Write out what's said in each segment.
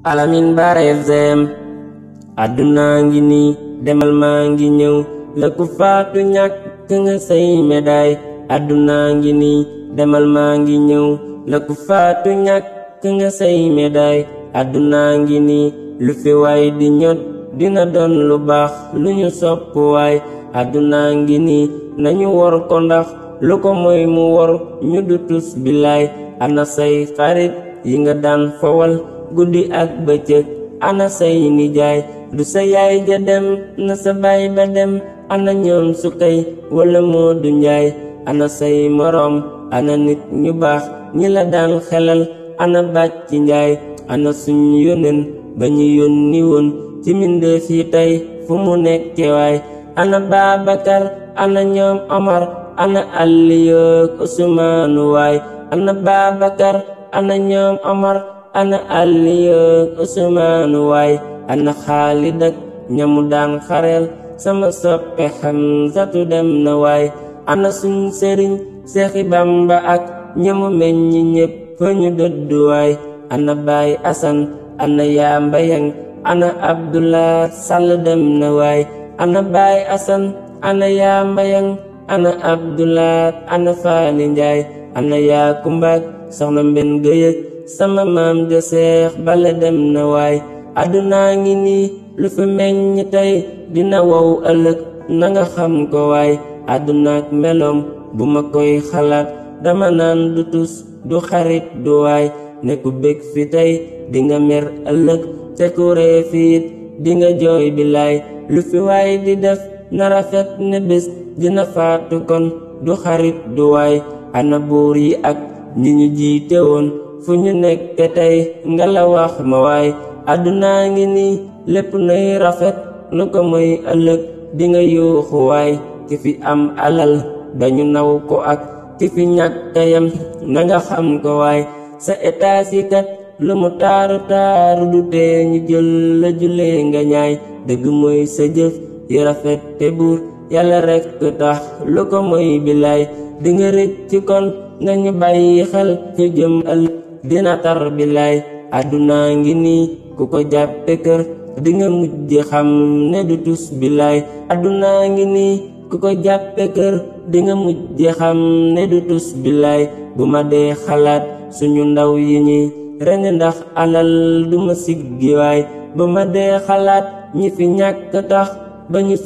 alamin bara fm àdduna ngi nii demal maa ngi ñëw la ku faatu ñàkk nga say médaille àdduna ngi ni demal maa ngi ñëw la ku faatu ñàkk nga say médaille àdduna ngi ni lu fi di ñot dina doon lu baax lu ñu sopp waay àdduna ngi nii nañu wor ko ndax lu ko moy mu wor ñu du tus bilaay ana say xarit yi nga daan fowal guddi ak bëccëg ana say nijaay du sa yaay ja dem na sa baay ba dem ana ñoom sukkay wala moo du njaay ana say moroom ana nit ñu baax ñi la daan xelal ana bàcc njaay ana suñ yónneen ba ñu yónni ci mbindeef yi tey fu mu nekke waay ana Baabakar ana ñoom Omar ana Aliyu Usmaanu waay ana Baabakar ana ñoom Omar ana Aliyu Usmaan waay ana Xaalid ak ñamu daan xareel sama soppe Xamsatu dem na waay ana suñ sëriñ Seexi Bamba ak ñamu meññi ñépp ñu dëdd waay ana Baay Asan ana yaa mbayang ana Abdullah Sall dem na waay ana Baay Asan ana yaa mbayang ana Abdullah ana Faani ana yaa kumbaak soxna mbenn gëyëg sama maam jo seex bala dem na waay àddunaa ngi nii lu fi meññ tey dina wow ëllëg na nga xam ko waay àddunaak meloom bu ma koy xalaat dama naan du tus du xarit du waay ne ku bég fi tey dinga mer ëllëg te ku ree fiit dinga jooy bilaay lu fi waay di def na rafet ne bés dina faatu kon du xarit du waay ana buur yi ak ñi ñu jiite woon fuñu nek te tay nga la wax ma way aduna ngi ni lepp nay rafet lu ko moy ëlëk di nga yu ki fi am alal dañu naw ko ak ki fi ñak tayam na nga xam ko way sa état si kat lu mu taru taru du te ñu jël la julee nga ñaay deug moy sa jëf yi ya rafet te yalla rek ko tax lu ko moy bilay di nga rëcc kon nga ñu xel ci jëm ëlëk dina tar àdduna aduna ngini kuko jappe jàppe di nga mujj xam ne du tous billaay aduna ngini kuko jappe ko di nga mujj xam ne du tous billaay buma de xalat suñu ndaw yi ñi ren ndax alal du ma siggi way buma de xalat ñi fi ñak tax ba ñu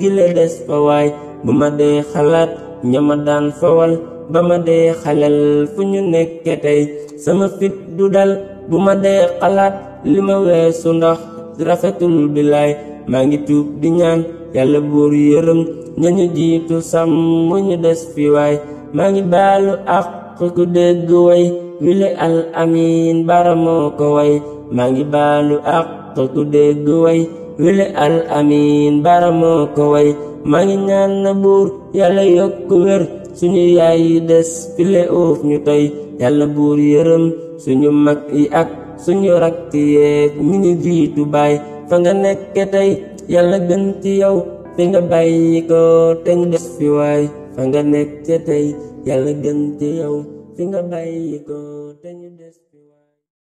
gi le des fa way buma de xalat ñama daan fawal ba ma dee xalal fu ñu nekk tey sama fit du dal bu ma dee xalaat li ma weesu ndax rafetul bilaay maa ngi tuub di ñaan yàlla buur yërëm ñañu jiitu sàmm ñu des fi waay maa ngi baalu ak ku dégg way wile al amin bara ko way maa ngi baalu ak ku dégg way wile al amin bara ko way maa ngi ñaan na buur yàlla yokk wér suñu yaay yi des file oof ñu toy yàlla buur yërëm suñu mag yi ak suñu rakk yeeg ñu ñu jiitu baay fa nga nekk tey yàlla gën ci yow fi nga bàyyi ko te ñu des fi waay fa nga nekk tey yàlla gën ci yow fi nga bàyyi ko te ñu des